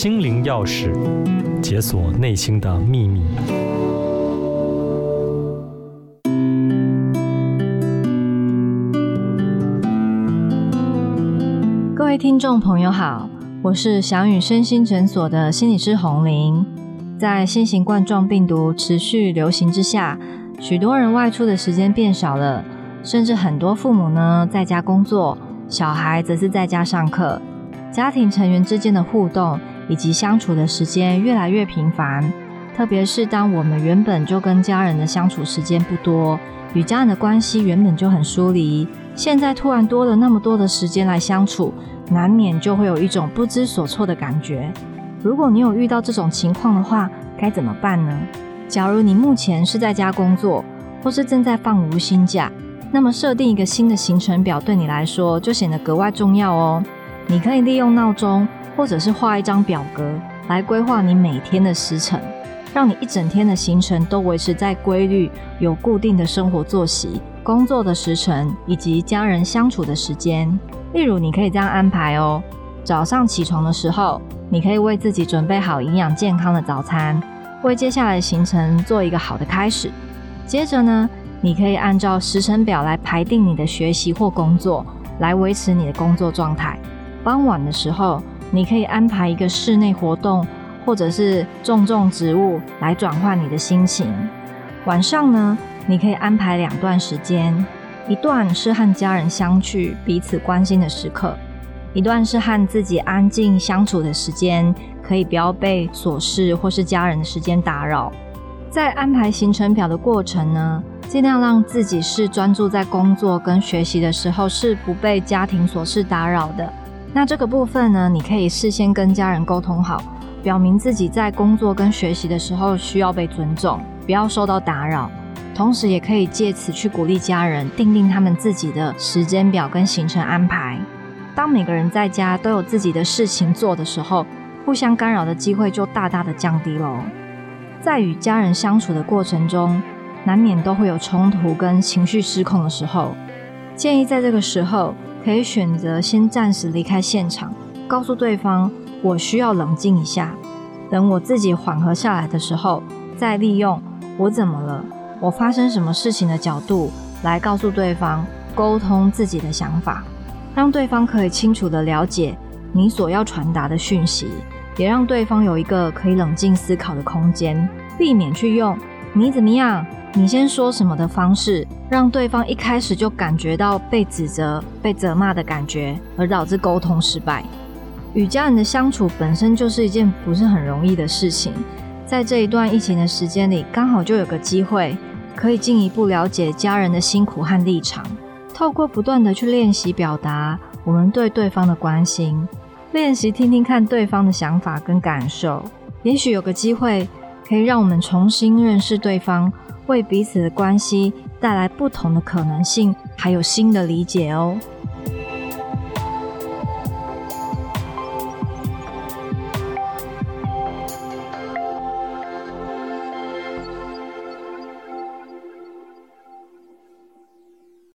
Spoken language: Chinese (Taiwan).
心靈鑰匙，解鎖內心的祕密。各位聽眾朋友好，我是祥宇身心診所的心理師洪玲。在新型冠狀病毒持續流行之下，許多人外出的時間變少了，甚至很多父母呢在家工作，小孩則是在家上課，家庭成員之間的互動，以及相處的時間越來越頻繁，特別是當我們原本就跟家人的相處時間不多，與家人的關係原本就很疏離，現在突然多了那麼多的時間來相處，難免就會有一種不知所措的感覺。如果你有遇到這種情況的話，該怎麼辦呢？假如你目前是在家工作，或是正在放無薪假，那麼設定一個新的行程表對你來說就顯得格外重要哦。你可以利用鬧鐘。或者是畫一張表格來規劃你每天的時程，讓你一整天的行程都維持在規律、有固定的生活作息、工作的時程，以及家人相處的時間。例如，你可以這樣安排哦、喔：早上起床的時候，你可以為自己準備好營養健康的早餐，為接下來的行程做一個好的開始。接着呢，你可以按照時程表來排定你的學習或工作，來維持你的工作狀態。傍晚的時候。你可以安排一個室內活動，或者是種種植物來轉換你的心情。晚上呢，你可以安排兩段時間，一段是和家人相聚、彼此關心的時刻，一段是和自己安靜相處的時間，可以不要被瑣事或是家人的時間打擾。在安排行程表的過程呢，盡量讓自己是專注在工作跟學習的時候，是不被家庭瑣事打擾的。那這個部分呢，你可以事先跟家人溝通好，表明自己在工作跟學習的時候需要被尊重，不要受到打擾。同時，也可以借此去鼓勵家人訂定他們自己的時間表跟行程安排。當每個人在家都有自己的事情做的時候，互相干擾的機會就大大的降低嘍。在與家人相處的過程中，難免都會有衝突跟情緒失控的時候，建議在這個時候。可以選擇先暫時離開現場，告訴對方我需要冷靜一下，等我自己緩和下來的時候，再利用我怎麼了，我發生什麼事情的角度來告訴對方溝通自己的想法，讓對方可以清楚地了解你所要傳達的訊息，也讓對方有一個可以冷靜思考的空間，避免去用你怎麼樣。你先說什麼的方式，讓對方一開始就感覺到被指責、被責罵的感覺，而導致溝通失敗。與家人的相處本身就是一件不是很容易的事情，在這一段疫情的時間裡，剛好就有個機會，可以進一步了解家人的辛苦和立場。透過不斷的去練習表達我們對對方的關心，練習聽聽看對方的想法跟感受，也許有個機會可以讓我們重新認識對方。為彼此的關係帶來不同的可能性，還有新的理解哦。